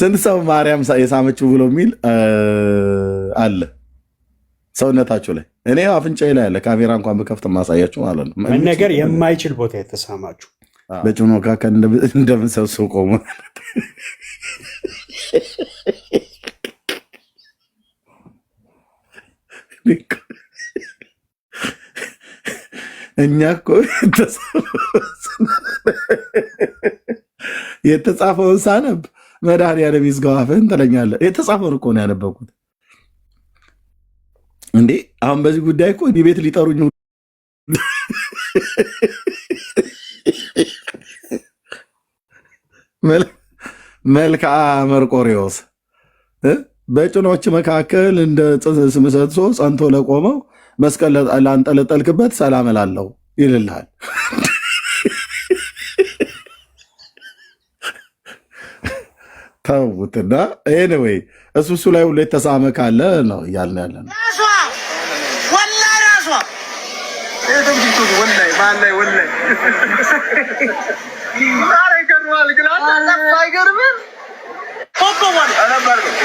ስንት ሰው ማርያም የሳመችው ብሎ የሚል አለ ሰውነታችሁ ላይ። እኔ አፍንጫ ላይ አለ። ካሜራ እንኳን ብከፍት ማሳያችሁ ማለት ነው። መነገር የማይችል ቦታ የተሳማችሁ በጭኖ ካከል እንደምሰሱ ቆሙ እኛ እኮ የተጻፈውን ሳነብ መድኃኒዓለም ይዝጋው አፍህን ትለኛለህ። የተጻፈውን እኮ ነው ያነበብኩት። እንዴ አሁን በዚህ ጉዳይ እኮ እኔ ቤት ሊጠሩኝ መልክአ መርቆሪዎስ በጭኖች መካከል እንደ ምሰሶ ጸንቶ ለቆመው መስቀል ላንጠለጠልክበት ሰላም እላለሁ ይልልሃል። ተውትና ኤኒዌይ እሱ እሱ ላይ ሁሉ የተሳመ ካለ ነው እያልን ያለ ነው።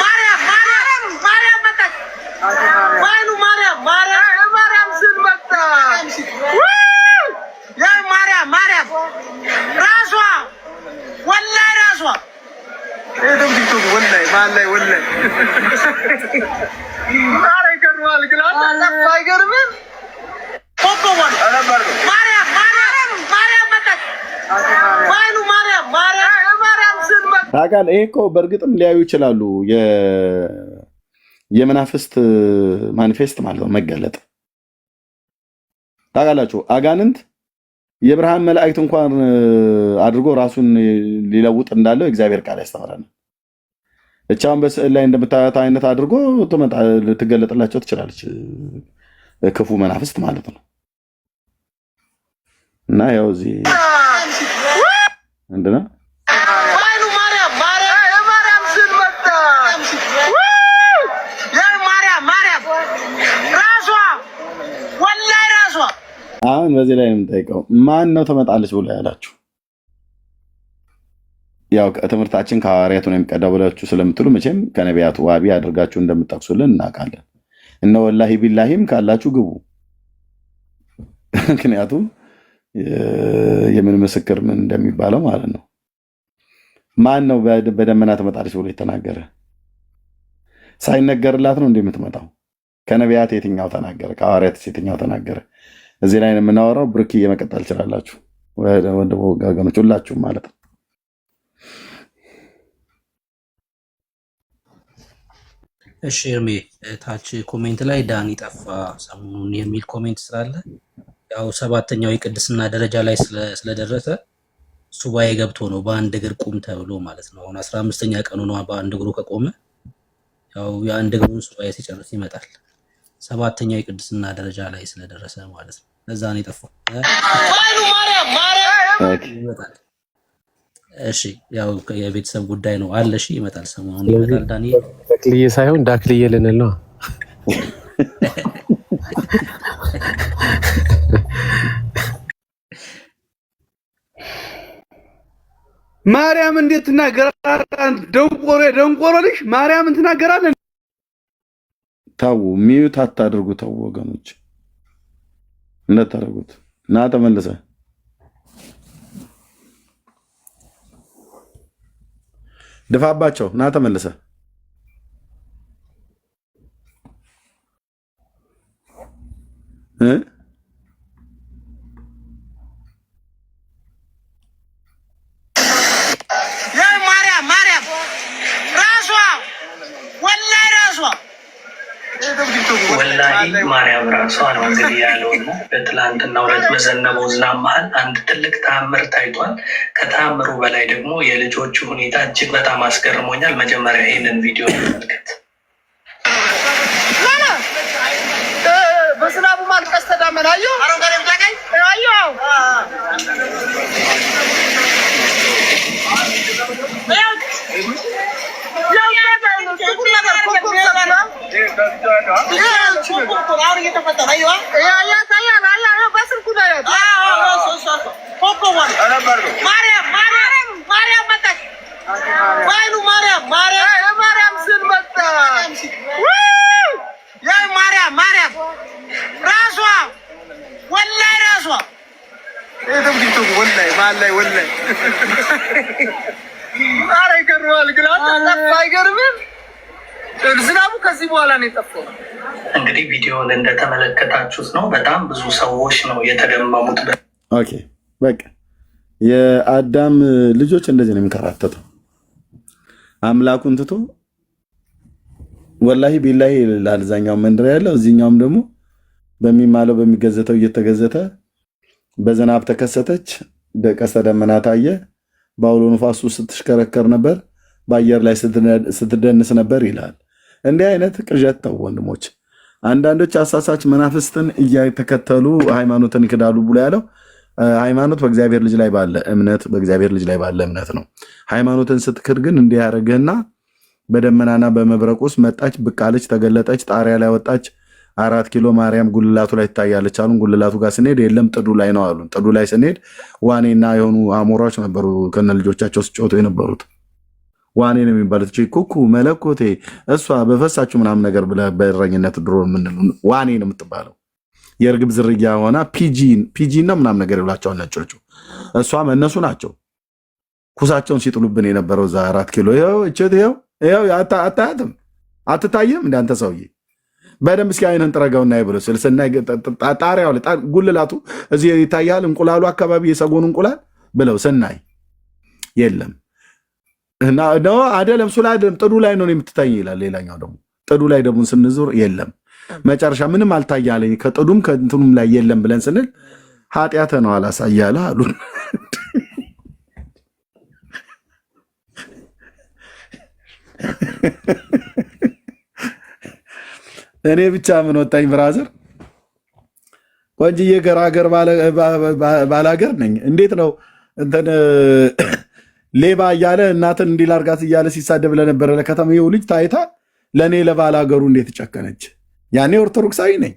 ማርያም አቃል ይሄ እኮ በእርግጥም ሊያዩ ይችላሉ። የመናፍስት ማኒፌስት ማለት ነው መገለጥ። ታውቃላችሁ አጋንንት የብርሃን መላእክት እንኳን አድርጎ ራሱን ሊለውጥ እንዳለው እግዚአብሔር ቃል ያስተምረናል። አሁን በስዕል ላይ እንደምታያት አይነት አድርጎ ልትገለጥላቸው ትችላለች፣ ክፉ መናፍስት ማለት ነው። እና ያው እዚህ ምንድን ነው አሁን በዚህ ላይ የምንጠይቀው ማን ነው ተመጣለች ብሎ ያላችሁ? ያው ትምህርታችን ከሐዋርያቱ ነው የሚቀዳው ብላችሁ ስለምትሉ መቼም ከነቢያቱ ዋቢ አድርጋችሁ እንደምጠቅሱልን እናውቃለን። እነ ወላሂ ቢላሂም ካላችሁ ግቡ። ምክንያቱም የምን ምስክር ምን እንደሚባለው ማለት ነው። ማን ነው በደመና ትመጣለች ብሎ የተናገረ? ሳይነገርላት ነው እንዲህ የምትመጣው። ከነቢያት የትኛው ተናገረ? ከሐዋርያት የትኛው ተናገረ? እዚህ ላይ የምናወራው ብርኪ እየመቀጠል ይችላላችሁ፣ ወንድሞ ሁላችሁም ማለት ነው። እሺ እርሜ ታች ኮሜንት ላይ ዳኒ ጠፋ ሰሞኑን የሚል ኮሜንት ስላለ ያው ሰባተኛው የቅድስና ደረጃ ላይ ስለደረሰ ሱባኤ ገብቶ ነው በአንድ እግር ቁም ተብሎ ማለት ነው። አሁን አስራ አምስተኛ ቀኑ ነው። በአንድ እግሩ ከቆመ ያው የአንድ እግሩን ሱባኤ ሲጨርስ ይመጣል። ሰባተኛው የቅድስና ደረጃ ላይ ስለደረሰ ማለት ነው። ለዛ ነው የጠፋው። እሺ ያው የቤተሰብ ጉዳይ ነው አለ። እሺ ይመጣል። ሰሞኑን ይመጣል ዳኒ ተክልዬ ሳይሆን ዳክልዬ ልንል ነው። ማርያም እንዴት ትናገራለህ? ደንቆሮ ደንቆሮ ልጅ ማርያም እንትናገራለን። ታው ሚዩት አታድርጉ። ታው ወገኖች እንዳታደርጉት። ና ተመለሰ ድፋባቸው። ና ተመለሰ ማርያም ማርያም ራሷ ነው እንግዲህ ያለው ነው። በትላንትና ሁለት በዘነበው ዝናብ መሀል አንድ ትልቅ ተአምር ታይቷል። ከተአምሩ በላይ ደግሞ የልጆቹ ሁኔታ እጅግ በጣም አስገርሞኛል። መጀመሪያ ይህንን ቪዲዮ መልከት ምናየው አረንጓዴ ምጫቀኝ አየው ይሄ በኋላ ነው የጠፋው። እንግዲህ ቪዲዮን እንደተመለከታችሁት ነው። በጣም ብዙ ሰዎች ነው የተደመሙት። ኦኬ በቃ የአዳም ልጆች እንደዚህ ነው የሚንከራተተው። አምላኩን ትቶ ወላሂ ቢላሂ ላልዛኛው መንደር ያለው እዚህኛውም ደግሞ በሚማለው በሚገዘተው እየተገዘተ በዝናብ ተከሰተች፣ በቀስተ ደመና ታየ፣ በአውሎ ንፋሱ ስትሽከረከር ነበር፣ በአየር ላይ ስትደንስ ነበር ይላል። እንዲህ አይነት ቅዠት ተው ወንድሞች። አንዳንዶች አሳሳች መናፍስትን እየተከተሉ ሃይማኖትን ይክዳሉ ብሎ ያለው ሃይማኖት በእግዚአብሔር ልጅ ላይ ባለ እምነት በእግዚአብሔር ልጅ ላይ ባለ እምነት ነው። ሃይማኖትን ስትክድ ግን እንዲህ ያደረግህና በደመናና በመብረቅ ውስጥ መጣች፣ ብቃለች ተገለጠች፣ ጣሪያ ላይ ወጣች። አራት ኪሎ ማርያም ጉልላቱ ላይ ትታያለች አሉን። ጉልላቱ ጋር ስንሄድ የለም ጥዱ ላይ ነው አሉን። ጥዱ ላይ ስንሄድ ዋኔና የሆኑ አሞራዎች ነበሩ ከነ ልጆቻቸው ስጮቱ የነበሩት ዋኔ ነው የሚባሉት ኩኩ መለኮቴ እሷ በፈሳችሁ ምናምን ነገር ብለ በረኝነት ድሮ የምንለው ዋኔ ነው የምትባለው። የእርግብ ዝርያ ሆና ፒጂ ነው ምናምን ነገር ይብላቸዋል ነጮቹ። እሷም እነሱ ናቸው ኩሳቸውን ሲጥሉብን የነበረው እዛ አራት ኪሎ ይኸው እችት ይኸው ይኸው አታያትም አትታይም። እንዳንተ ሰውዬ በደንብ እስኪ አይነን ጥረገው እና ብሎ ስልስና ጣሪያው ጉልላቱ እዚህ ይታያል። እንቁላሉ አካባቢ የሰጎን እንቁላል ብለው ስናይ የለም አደለም፣ እሱ ላይ አደለም፣ ጥዱ ላይ ነው የምትታይ ይላል። ሌላኛው ደግሞ ጥዱ ላይ ደግሞ ስንዞር የለም መጨረሻ ምንም አልታያለኝ ከጥዱም ከእንትኑም ላይ የለም ብለን ስንል ኃጢአተ ነው አላሳያለ አሉን። እኔ ብቻ ምን ወጣኝ ብራዘር ቆንጅዬ ገራገር ባላገር ነኝ። እንዴት ነው እንትን ሌባ እያለ እናትን እንዲህ ላድርጋት እያለ ሲሳደብ ለነበረ ለከተማው ልጅ ታይታ ለእኔ ለባል ሀገሩ እንዴት ጨከነች? ያኔ ኦርቶዶክሳዊ ነኝ።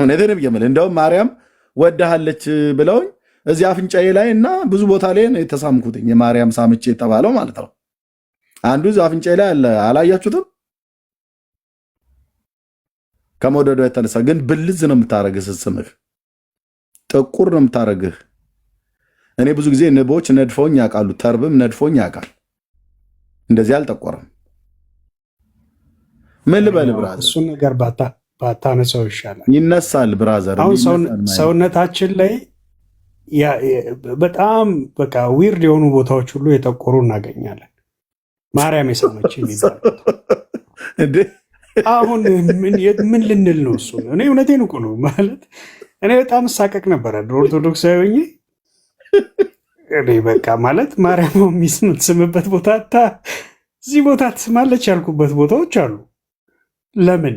እውነቴን ብየምል እንደውም ማርያም ወድሃለች ብለውኝ እዚህ አፍንጫዬ ላይ እና ብዙ ቦታ ላይ ነው የተሳምኩትኝ። የማርያም ሳምቼ የተባለው ማለት ነው። አንዱ እዚህ አፍንጫዬ ላይ አለ። አላያችሁትም? ከመውደዷ የተነሳ ግን ብልዝ ነው የምታረግህ። ስስምህ ጥቁር ነው የምታደርግህ? እኔ ብዙ ጊዜ ንቦች ነድፈውኝ ያውቃሉ፣ ተርብም ነድፎኝ ያውቃል። እንደዚህ አልጠቆረም። ምን ልበል ብራዘር፣ እሱን ነገር ባታነሳው ይሻላል። ይነሳል ብራዘር። አሁን ሰውነታችን ላይ በጣም በቃ ዊርድ የሆኑ ቦታዎች ሁሉ የጠቆሩ እናገኛለን። ማርያም የሳመች የሚባል አሁን ምን ልንል ነው? እሱ እኔ እውነቴን እኮ ነው ማለት እኔ በጣም እሳቀቅ ነበረ ኦርቶዶክሳዊ እኔ በቃ ማለት ማርያም የምትስምበት ቦታ ታ እዚህ ቦታ ትስማለች ያልኩበት ቦታዎች አሉ። ለምን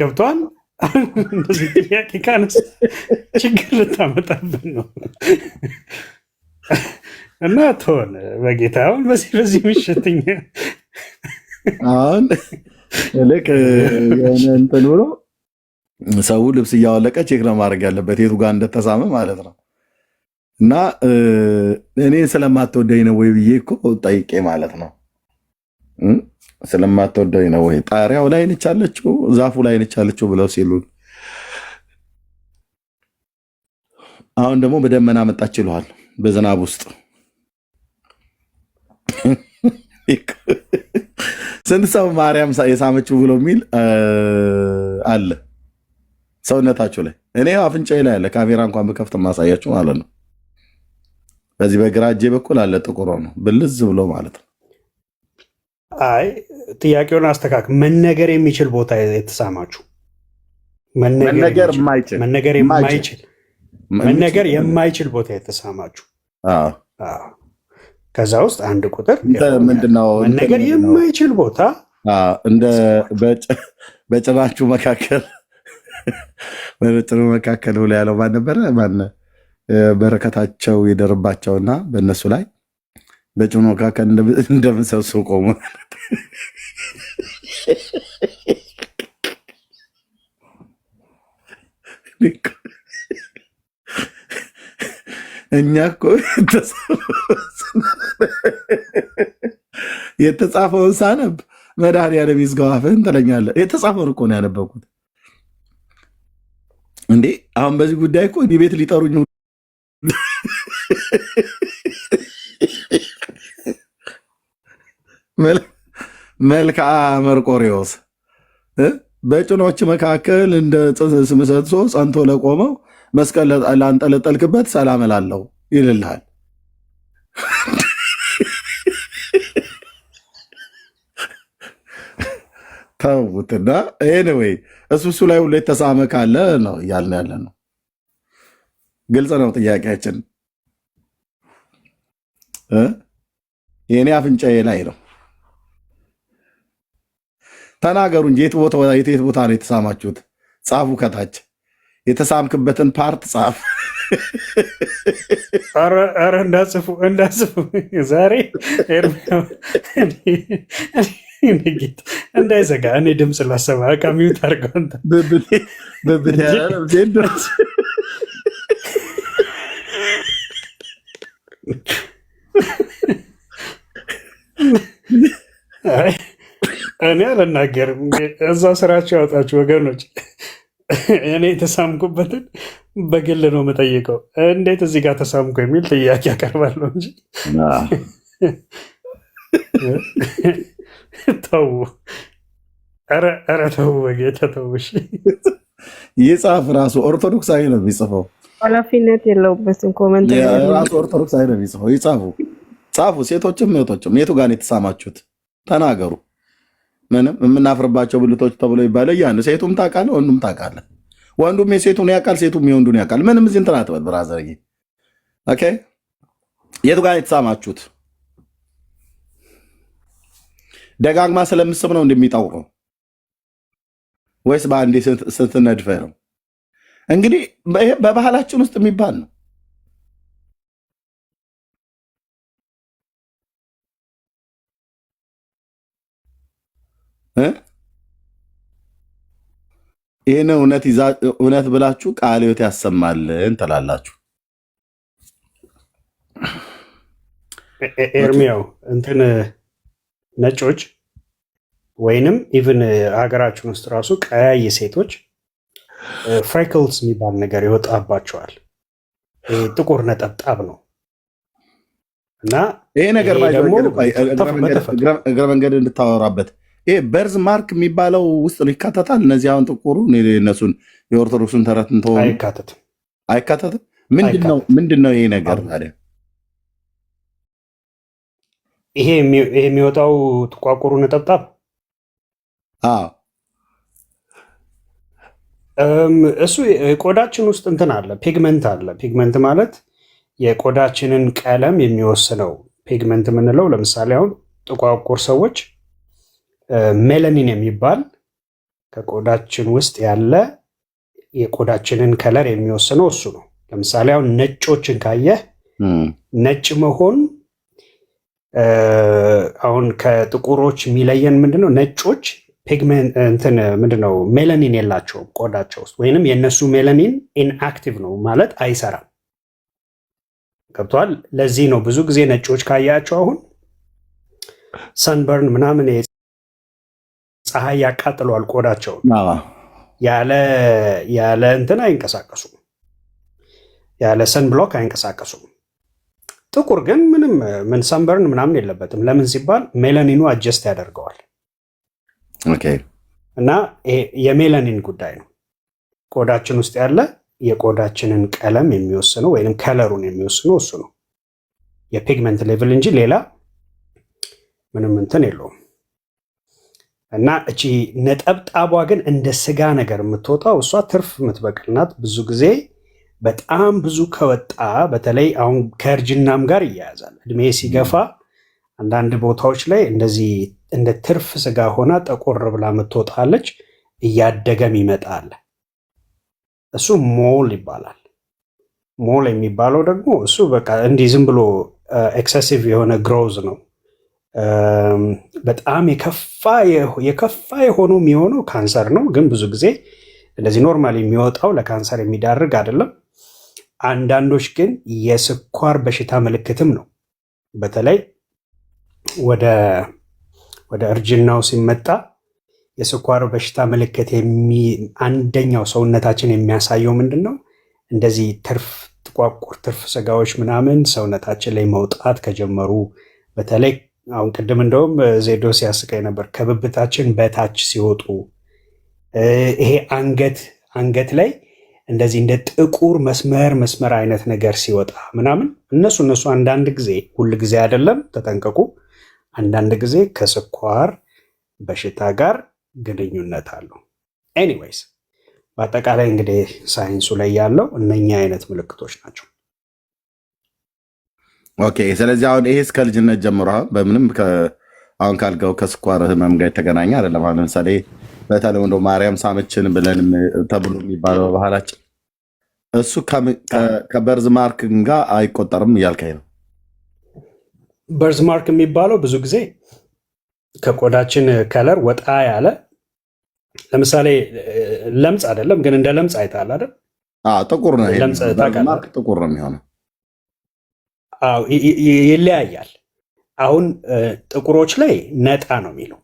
ገብቷል? እንደዚህ ጥያቄ ካነስ ችግር ልታመጣብን ነው። እና ትሆን በጌታ አሁን በዚህ በዚህ ምሽትኛ አሁን የሆነ እንትን ብሎ ሰው ልብስ እያወለቀ ቼክ ለማድረግ ማድረግ ያለበት የቱ ጋር እንደተሳመ ማለት ነው። እና እኔ ስለማትወደኝ ነው ወይ ብዬ እኮ ጠይቄ ማለት ነው። ስለማትወደኝ ነው ወይ ጣሪያው ላይ ነች አለችው፣ ዛፉ ላይ ነች አለችው ብለው ሲሉ አሁን ደግሞ በደመና መጣች ይለዋል። በዝናብ ውስጥ ስንት ሰው ማርያም የሳመችው ብሎ የሚል አለ ሰውነታቸው ላይ። እኔ አፍንጫ ላይ አለ። ካሜራ እንኳን ብከፍት ማሳያቸው ማለት ነው በዚህ በግራ እጄ በኩል አለ ጥቁሮ ነው ብልዝ ብሎ ማለት ነው። አይ ጥያቄውን አስተካክ መነገር የሚችል ቦታ የተሳማችሁ መነገር የማይችል መነገር የማይችል ቦታ የተሳማችሁ ከዛ ውስጥ አንድ ቁጥር ምንድነው? መነገር የማይችል ቦታ እንደ በጭናችሁ መካከል በጭኑ መካከል ብሎ ያለው ማን ነበረ? ማን በረከታቸው የደርባቸውና በእነሱ ላይ በጭኖ መካከል እንደምሰሱ ቆሙ። እኛ እኮ የተጻፈውን ሳነብ መድኃኒዓለም ይዝጋው አፍህን ትለኛለህ። የተጻፈውን እኮ ነው ያነበብኩት። እንዴ አሁን በዚህ ጉዳይ እኮ እኔ ቤት ሊጠሩኝ መልክዓ መርቆሪዎስ በጭኖች መካከል እንደ ምሰሶ ጸንቶ ለቆመው መስቀል ላንጠለጠልክበት ሰላም እላለሁ ይልልሃል። ተውትና ኤኒዌይ እሱ እሱ ላይ ሁሌ የተሳመ ካለ ነው እያልን ያለ ነው። ግልጽ ነው ጥያቄያችን። የእኔ አፍንጫዬ ላይ ነው። ተናገሩ እንጂ የት ቦታ የት ቦታ ነው የተሳማችሁት? ጻፉ። ከታች የተሳምክበትን ፓርት ጻፍ። ኧረ እንዳጽፉ እንዳጽፉ ዛሬ እንዳይዘጋ እኔ ድምፅ ላሰማ ከሚዩት ሚዩት እኔ አልናገርም። እዛ ስራቸው ያውጣችሁ ወገኖች። እኔ የተሳምኩበትን በግል ነው የምጠይቀው። እንዴት እዚህ ጋር ተሳምኩ የሚል ጥያቄ ያቀርባለሁ እንጂ ተው፣ ኧረ ተው፣ በጌታ ተው። ጻፍ ራሱ ኦርቶዶክሳዊ ነው የሚጽፈው ኃላፊነት የለውበትም። ኮመንት ራሱ ኦርቶዶክስ አይደል ይጽፉ ይጻፉ ጻፉ። ሴቶችም እህቶችም የቱ ጋር የተሳማችሁት ተናገሩ። ምንም የምናፍርባቸው ብልቶች ተብሎ ይባለ ያን ሴቱም ታውቃለህ፣ ወንዱም ታውቃለህ። ወንዱም የሴቱን ያውቃል፣ ሴቱም የወንዱን ያውቃል። ምንም እዚህ እንትን አትበል ብራዘር። ኦኬ የቱ ጋር የተሳማችሁት? ደጋግማ ስለምስብ ነው እንደሚጣውቀው ወይስ በአንዴ ስትነድፈ ነው? እንግዲህ በባህላችን ውስጥ የሚባል ነው። ይህን እውነት ብላችሁ ቃለ ሕይወት ያሰማልን ትላላችሁ። ኤርሚያው እንትን ነጮች ወይንም ኢቭን ሀገራችን ውስጥ ራሱ ቀያይ ሴቶች ፍሬክልስ የሚባል ነገር ይወጣባቸዋል። ጥቁር ነጠብጣብ ነው እና ይሄ ነገር እግረ መንገድ እንድታወራበት ይሄ በርዝ ማርክ የሚባለው ውስጥ ይካተታል። እነዚህ አሁን ጥቁሩ እነሱን የኦርቶዶክሱን ተረት እንተሆኑ አይካተትም፣ አይካተትም። ምንድን ነው ይሄ ነገር ታዲያ? ይሄ የሚወጣው ጥቋቁሩ ነጠብጣብ እሱ ቆዳችን ውስጥ እንትን አለ፣ ፒግመንት አለ። ፒግመንት ማለት የቆዳችንን ቀለም የሚወስነው ፒግመንት የምንለው ለምሳሌ አሁን ጥቋቁር ሰዎች ሜለኒን የሚባል ከቆዳችን ውስጥ ያለ የቆዳችንን ከለር የሚወስነው እሱ ነው። ለምሳሌ አሁን ነጮችን ካየህ ነጭ መሆን አሁን ከጥቁሮች የሚለየን ምንድነው? ነጮች ፒግሜንት እንትን ምንድን ነው ሜላኒን የላቸውም ቆዳቸው ውስጥ ወይንም የእነሱ ሜላኒን ኢንአክቲቭ ነው ማለት አይሰራም። ገብተዋል። ለዚህ ነው ብዙ ጊዜ ነጮች ካያቸው አሁን ሰንበርን ምናምን ፀሐይ ያቃጥለዋል ቆዳቸውን ያለ እንትን አይንቀሳቀሱም፣ ያለ ሰን ብሎክ አይንቀሳቀሱም። ጥቁር ግን ምንም ምን ሰንበርን ምናምን የለበትም። ለምን ሲባል ሜላኒኑ አጀስት ያደርገዋል። እና የሜላኒን ጉዳይ ነው። ቆዳችን ውስጥ ያለ የቆዳችንን ቀለም የሚወስነው ወይም ከለሩን የሚወስነው እሱ ነው። የፒግመንት ሌቭል እንጂ ሌላ ምንም እንትን የለውም። እና እቺ ነጠብጣቧ ግን እንደ ስጋ ነገር የምትወጣው እሷ ትርፍ የምትበቅል ናት። ብዙ ጊዜ በጣም ብዙ ከወጣ በተለይ አሁን ከእርጅናም ጋር ይያያዛል። እድሜ ሲገፋ አንዳንድ ቦታዎች ላይ እንደዚህ እንደ ትርፍ ስጋ ሆና ጠቆር ብላ የምትወጣለች። እያደገም ይመጣል። እሱ ሞል ይባላል። ሞል የሚባለው ደግሞ እሱ በቃ እንዲህ ዝም ብሎ ኤክሰሲቭ የሆነ ግሮዝ ነው። በጣም የከፋ የሆነው የሚሆነው ካንሰር ነው። ግን ብዙ ጊዜ እንደዚህ ኖርማል የሚወጣው ለካንሰር የሚዳርግ አይደለም። አንዳንዶች ግን የስኳር በሽታ ምልክትም ነው። በተለይ ወደ ወደ እርጅናው ሲመጣ የስኳር በሽታ ምልክት አንደኛው ሰውነታችን የሚያሳየው ምንድን ነው? እንደዚህ ትርፍ ጥቋቁር ትርፍ ስጋዎች ምናምን ሰውነታችን ላይ መውጣት ከጀመሩ በተለይ አሁን ቅድም እንደውም ዜዶ ሲያስቀኝ ነበር። ከብብታችን በታች ሲወጡ ይሄ አንገት አንገት ላይ እንደዚህ እንደ ጥቁር መስመር መስመር አይነት ነገር ሲወጣ ምናምን እነሱ እነሱ አንዳንድ ጊዜ ሁል ጊዜ አይደለም፣ ተጠንቀቁ። አንዳንድ ጊዜ ከስኳር በሽታ ጋር ግንኙነት አለው። ኤኒዌይስ በአጠቃላይ እንግዲህ ሳይንሱ ላይ ያለው እነኛ አይነት ምልክቶች ናቸው። ኦኬ ስለዚህ አሁን ይሄ እስከ ልጅነት ጀምሮ በምንም አሁን ካልገው ከስኳር ህመም ጋር የተገናኘ አይደለም። አሁን ለምሳሌ በተለምዶ ማርያም ሳመችን ብለን ተብሎ የሚባለው ባህላችን እሱ ከበርዝ ማርክ ጋር አይቆጠርም እያልከኝ ነው? በርዝማርክ የሚባለው ብዙ ጊዜ ከቆዳችን ከለር ወጣ ያለ ለምሳሌ ለምጽ አይደለም፣ ግን እንደ ለምጽ አይታል አይደል? ጥቁር ነው ጥቁር ነው የሚሆነው። ይለያያል። አሁን ጥቁሮች ላይ ነጣ ነው የሚለው።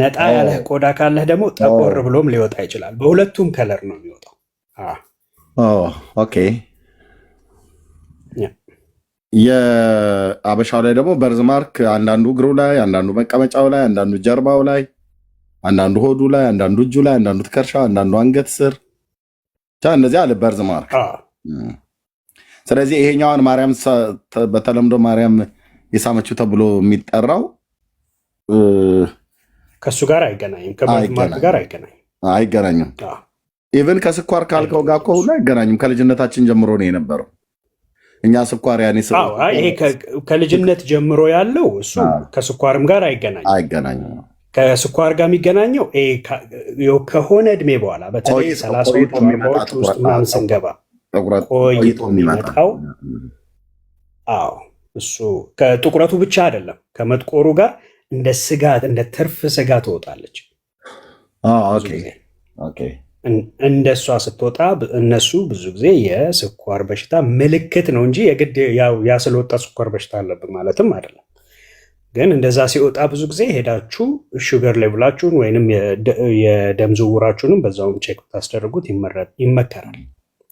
ነጣ ያለህ ቆዳ ካለህ ደግሞ ጠቆር ብሎም ሊወጣ ይችላል። በሁለቱም ከለር ነው የሚወጣው። ኦኬ የአበሻው ላይ ደግሞ በርዝ ማርክ አንዳንዱ እግሩ ላይ፣ አንዳንዱ መቀመጫው ላይ፣ አንዳንዱ ጀርባው ላይ፣ አንዳንዱ ሆዱ ላይ፣ አንዳንዱ እጁ ላይ፣ አንዳንዱ ትከሻ፣ አንዳንዱ አንገት ስር ብቻ እንደዚህ አለ በርዝ ማርክ። ስለዚህ ይሄኛዋን ማርያም በተለምዶ ማርያም የሳመችው ተብሎ የሚጠራው ከሱ ጋር አይገናኝም፣ ከበርዝ ማርክ ጋር አይገናኝም፣ አይገናኙም። ኢቨን ከስኳር ካልከው ጋር እኮ ሁሉ አይገናኝም። ከልጅነታችን ጀምሮ ነው የነበረው። እኛ ስኳር ያኔ ይሄ ከልጅነት ጀምሮ ያለው እሱ ከስኳርም ጋር አይገናኝም አይገናኝም። ከስኳር ጋር የሚገናኘው ከሆነ እድሜ በኋላ በተለይ ሰላሳዎች ሚዎች ውስጥ ምናምን ስንገባ ቆይቶ የሚመጣው አዎ፣ እሱ ከጥቁረቱ ብቻ አይደለም ከመጥቆሩ ጋር እንደ ስጋት እንደ ትርፍ ስጋ ትወጣለች። ኦኬ ኦኬ እንደሷ ስትወጣ እነሱ ብዙ ጊዜ የስኳር በሽታ ምልክት ነው እንጂ የግድ ያ ስለወጣ ስኳር በሽታ አለብን ማለትም አይደለም። ግን እንደዛ ሲወጣ ብዙ ጊዜ ሄዳችሁ ሹገር ሌቭላችሁን ወይንም የደም ዝውውራችሁንም በዛውም ቼክ ብታስደርጉት ይመከራል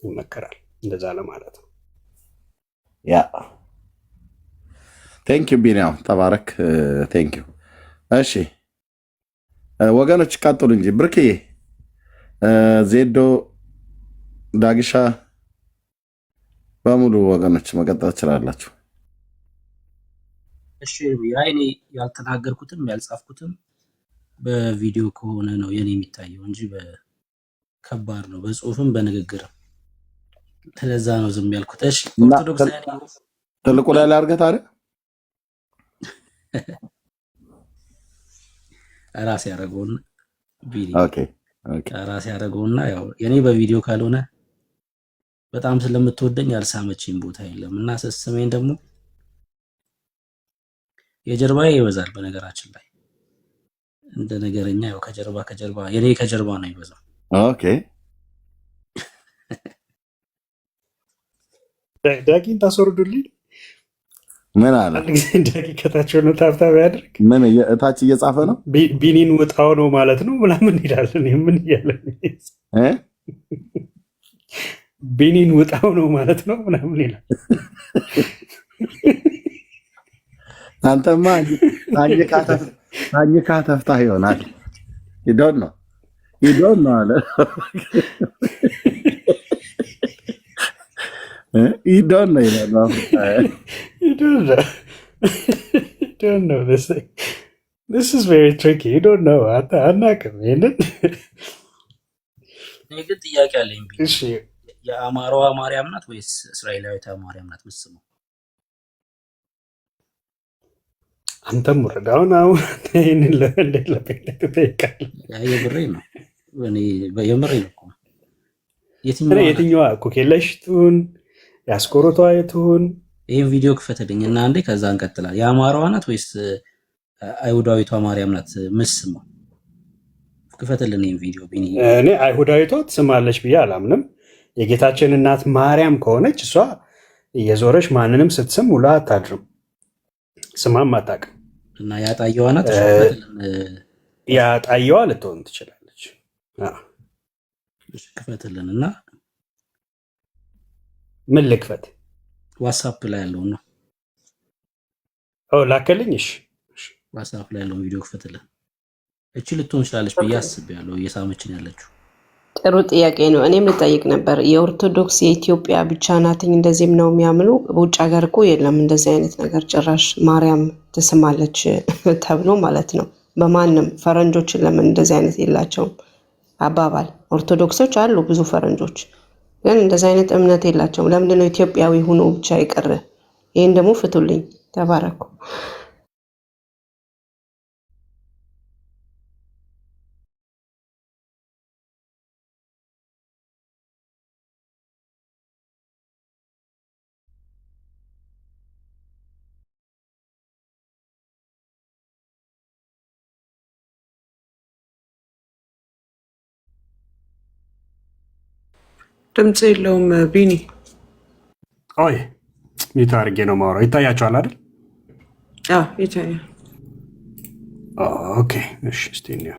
ይመከራል እንደዛ ለማለት ነው። ያ ቴንኪዩ ቢኒያም ተባረክ። እሺ ወገኖች ቀጥሉ እንጂ ብርክዬ ዜዶ ዳግሻ በሙሉ ወገኖች መቀጠል ትችላላችሁ። እሺ እኔ ያልተናገርኩትም ያልጻፍኩትም በቪዲዮ ከሆነ ነው የኔ የሚታየው እንጂ ከባድ ነው፣ በጽሁፍም በንግግርም። ስለዛ ነው ዝም ያልኩት። እሺ ኦርቶዶክስ ትልቁ ላይ ላድርገህ ታዲያ ራስ ያደረገውን ቪዲዮ ኦኬ ራሴ ያደረገውና ያው የኔ በቪዲዮ ካልሆነ በጣም ስለምትወደኝ ያልሳመችኝ ቦታ የለም እና ስስመኝ ደግሞ የጀርባዬ ይበዛል። በነገራችን ላይ እንደ ነገረኛ ያው ከጀርባ ከጀርባ የኔ ከጀርባ ነው ይበዛል። ኦኬ ዳጊን ታስወርዱልኝ ምን አለ አንድ ጊዜ እንዳቂቀታቸው ነው ታብታብ ያድርግ። ምን እታች እየጻፈ ነው ቢኒን ውጣው ነው ማለት ነው ምናምን ይላለን። ምን እያለ ቢኒን ውጣው ነው ማለት ነው ምናምን ይላል። አንተማ ታኝካ ተፍታህ ይሆናል። ይዶን ነው ይዶን ነው አለ don't know. You don't know. you don't know. you don't know this thing. This is very tricky. You don't know. የአማራዋ ማርያም ናት ወይስ እስራኤላዊቷ ማርያም ናት? ምስሙ አንተም ውረድ። አሁን አሁን ይህንን ለቤት ትጠይቃለህ። የምሬ ነው። የምሬ ነው። የትኛዋ የትኛዋ ያስቆርቷ ትሁን ይህም ቪዲዮ ክፈትልኝ እና አንዴ ከዛ እንቀጥላል። የአማራዋ ናት ወይስ አይሁዳዊቷ ማርያም ናት? ምስማ ክፈትልን ይህም ቪዲዮ። እኔ አይሁዳዊቷ ትስማለች ብዬ አላምንም። የጌታችን እናት ማርያም ከሆነች እሷ እየዞረች ማንንም ስትስም ውላ አታድርም፣ ስማም አታውቅም። እና ያጣየዋ ናት ያጣየዋ ልትሆን ትችላለች። ክፈትልን እና ምን ልክፈት? ዋትሳፕ ላይ ያለውን ነው ላከልኝ። እሺ ዋትሳፕ ላይ ያለውን ቪዲዮ ክፈትልን። እቺ ልትሆን ይችላለች ብዬ አስቤያለሁ። እየሳመችን ያለችው ጥሩ ጥያቄ ነው። እኔም ልጠይቅ ነበር። የኦርቶዶክስ የኢትዮጵያ ብቻ ናትኝ እንደዚህም ነው የሚያምኑ። በውጭ ሀገር እኮ የለም እንደዚህ አይነት ነገር ጭራሽ። ማርያም ትስማለች ተብሎ ማለት ነው። በማንም ፈረንጆች ለምን እንደዚህ አይነት የላቸውም አባባል። ኦርቶዶክሶች አሉ ብዙ ፈረንጆች ግን እንደዚ አይነት እምነት የላቸውም። ለምንድነው ኢትዮጵያዊ ሁኖ ብቻ ይቀር? ይህን ደግሞ ፍቱልኝ። ተባረኩ። ድምፅ የለውም። ቢኒ ኦይ ሚቱ አድርጌ ነው የማወራው። ይታያቸዋል አይደል? ይታያል። ኦኬ እሺ።